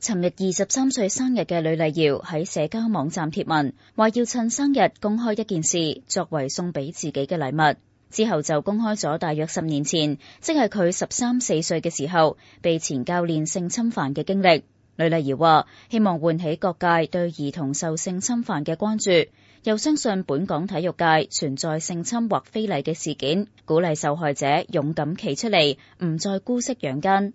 尋日二十三歲生日嘅呂麗瑤喺社交網站貼文，話要趁生日公開一件事，作為送俾自己嘅禮物。之後就公開咗大約十年前，即係佢十三四歲嘅時候，被前教練性侵犯嘅經歷。呂麗瑤話希望喚起各界對兒童受性侵犯嘅關注，又相信本港體育界存在性侵或非禮嘅事件，鼓勵受害者勇敢企出嚟，唔再姑息養奸。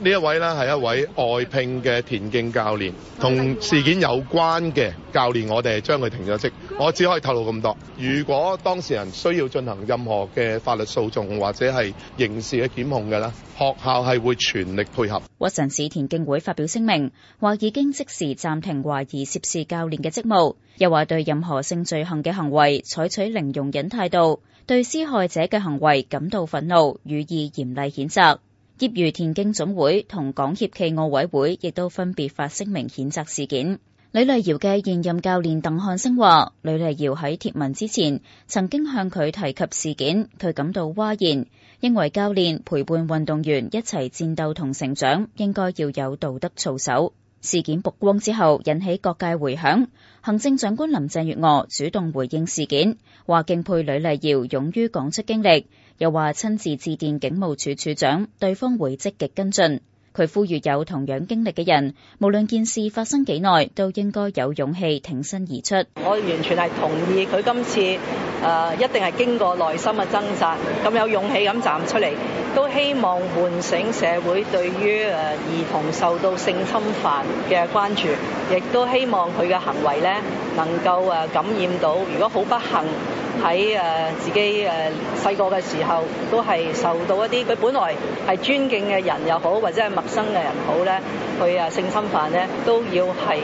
呢一位呢，係一位外聘嘅田徑教練，同事件有關嘅教練，我哋將佢停咗職。我只可以透露咁多。如果當事人需要進行任何嘅法律訴訟或者係刑事嘅檢控嘅呢，學校係會全力配合。屈臣氏田徑會發表聲明，話已經即時暫停懷疑涉事教練嘅職務，又話對任何性罪行嘅行為採取零容忍態度，對施害者嘅行為感到憤怒，予以嚴厲譴責。業餘田徑總會同港協暨奧委會亦都分別發聲明譴責事件。呂麗瑤嘅現任教練鄧漢升話，呂麗瑤喺貼文之前曾經向佢提及事件，佢感到嘩然，認為教練陪伴運動員一齊戰鬥同成長，應該要有道德操守。事件曝光之後，引起各界回響。行政長官林鄭月娥主動回應事件，話敬佩呂麗瑤勇於講出經歷，又話親自致電警務處處長，對方會積極跟進。佢呼籲有同樣經歷嘅人，無論件事發生幾耐，都應該有勇氣挺身而出。我完全係同意佢今次誒、呃、一定係經過內心嘅掙扎，咁有勇氣咁站出嚟，都希望喚醒社會對於誒兒童受到性侵犯嘅關注，亦都希望佢嘅行為咧能夠誒感染到，如果好不幸，喺誒自己誒細個嘅時候，都係受到一啲佢本來係尊敬嘅人又好，或者係陌生嘅人好咧，佢啊性侵犯咧，都要係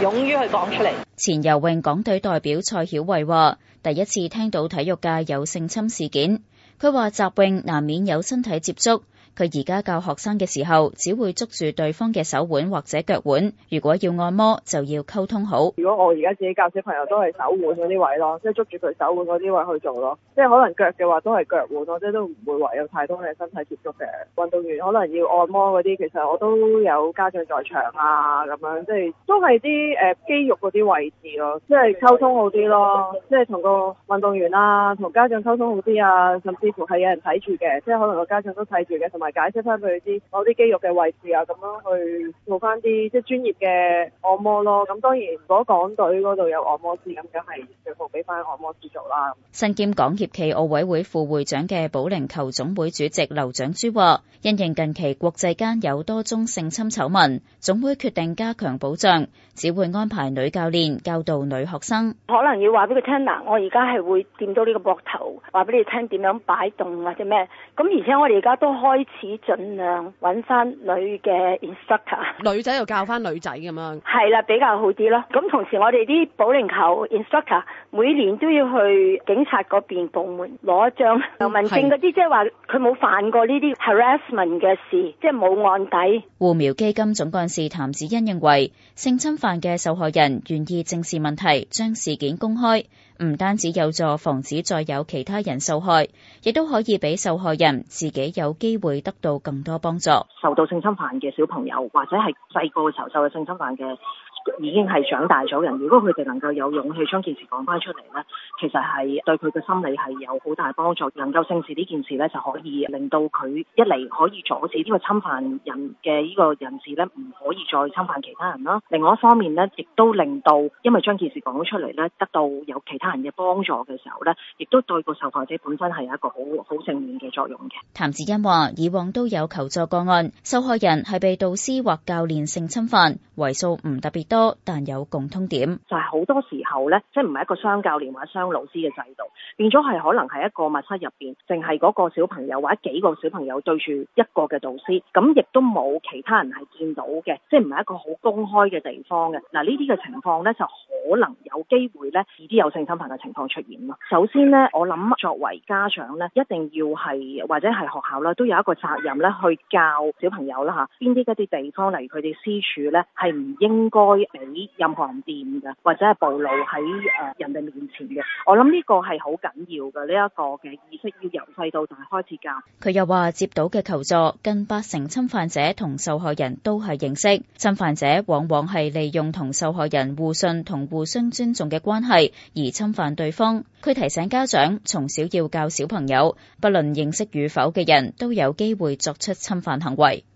誒勇於去講出嚟。前游泳港隊代表蔡曉慧話，第一次聽到體育界有性侵事件。佢話習泳難免有身體接觸。佢而家教學生嘅時候，只會捉住對方嘅手腕或者腳腕。如果要按摩，就要溝通好。如果我而家自己教小朋友，都係手腕嗰啲位咯，即係捉住佢手腕嗰啲位去做咯。即係可能腳嘅話，都係腳腕咯，即係都唔會話有太多嘅身體接觸嘅。運動員可能要按摩嗰啲，其實我都有家長在場啊，咁樣即係都係啲誒肌肉嗰啲位置咯，即係溝通好啲咯，即係同個運動員啊，同家長溝通好啲啊，甚至乎係有人睇住嘅，即係可能個家長都睇住嘅，同埋。解釋翻佢啲嗰啲肌肉嘅位置啊，咁樣去做翻啲即係專業嘅按摩咯。咁當然，如果港隊嗰度有按摩師，咁梗係最好俾翻按摩師做啦。身兼港協暨奧委會副會長嘅保齡球總會主席劉長珠話，因應近期國際間有多宗性侵醜聞，總會決定加強保障，只會安排女教練教導女學生。可能要話俾佢聽嗱，我而家係會掂到呢個膊頭，話俾你聽點樣擺動或者咩。咁而且我哋而家都開始始盡量揾翻女嘅 instructor，女仔又教翻女仔咁樣，係啦比較好啲咯。咁同時我哋啲保齡球 instructor。每年都要去警察嗰邊部門攞一張良民證嗰啲。是即係話，佢冇犯過呢啲 harassment 嘅事，即係冇案底。護苗基金總幹事譚子欣認為，性侵犯嘅受害人願意正視問題，將事件公開，唔單止有助防止再有其他人受害，亦都可以俾受害人自己有機會得到更多幫助。受到性侵犯嘅小朋友，或者係細個嘅時候受到性侵犯嘅，已經係長大咗人，如果佢哋能夠有勇氣將件事講翻出嚟呢，其實係對佢嘅心理係有好大幫助，能夠正視呢件事呢，就可以令到佢一嚟可以阻止呢個侵犯人嘅呢個人士呢，唔可以再侵犯其他人啦。另外一方面呢，亦都令到因為將件事講咗出嚟呢，得到有其他人嘅幫助嘅時候呢，亦都對個受害者本身係有一個好好正面嘅作用嘅。譚志欣話：以往都有求助個案，受害人係被導師或教練性侵犯，為數唔特別多。但有共通點，就係好多時候呢，即係唔係一個雙教練或者雙老師嘅制度，變咗係可能係一個密室入邊，淨係嗰個小朋友或者幾個小朋友對住一個嘅導師，咁亦都冇其他人係見到嘅，即係唔係一個好公開嘅地方嘅。嗱，呢啲嘅情況呢，就可能有機會呢，以啲有性侵犯嘅情況出現咯。首先呢，我諗作為家長呢，一定要係或者係學校啦，都有一個責任咧，去教小朋友啦吓，邊啲一啲地方，例如佢哋私處呢，係唔應該。俾任何人掂嘅，或者係暴露喺誒人哋面前嘅，我諗呢個係好緊要嘅，呢一個嘅意識要由細到大開始教。佢又話：接到嘅求助，近八成侵犯者同受害人都係認識，侵犯者往往係利用同受害人互信同互相尊重嘅關係而侵犯對方。佢提醒家長，從小要教小朋友，不論認識與否嘅人都有機會作出侵犯行為。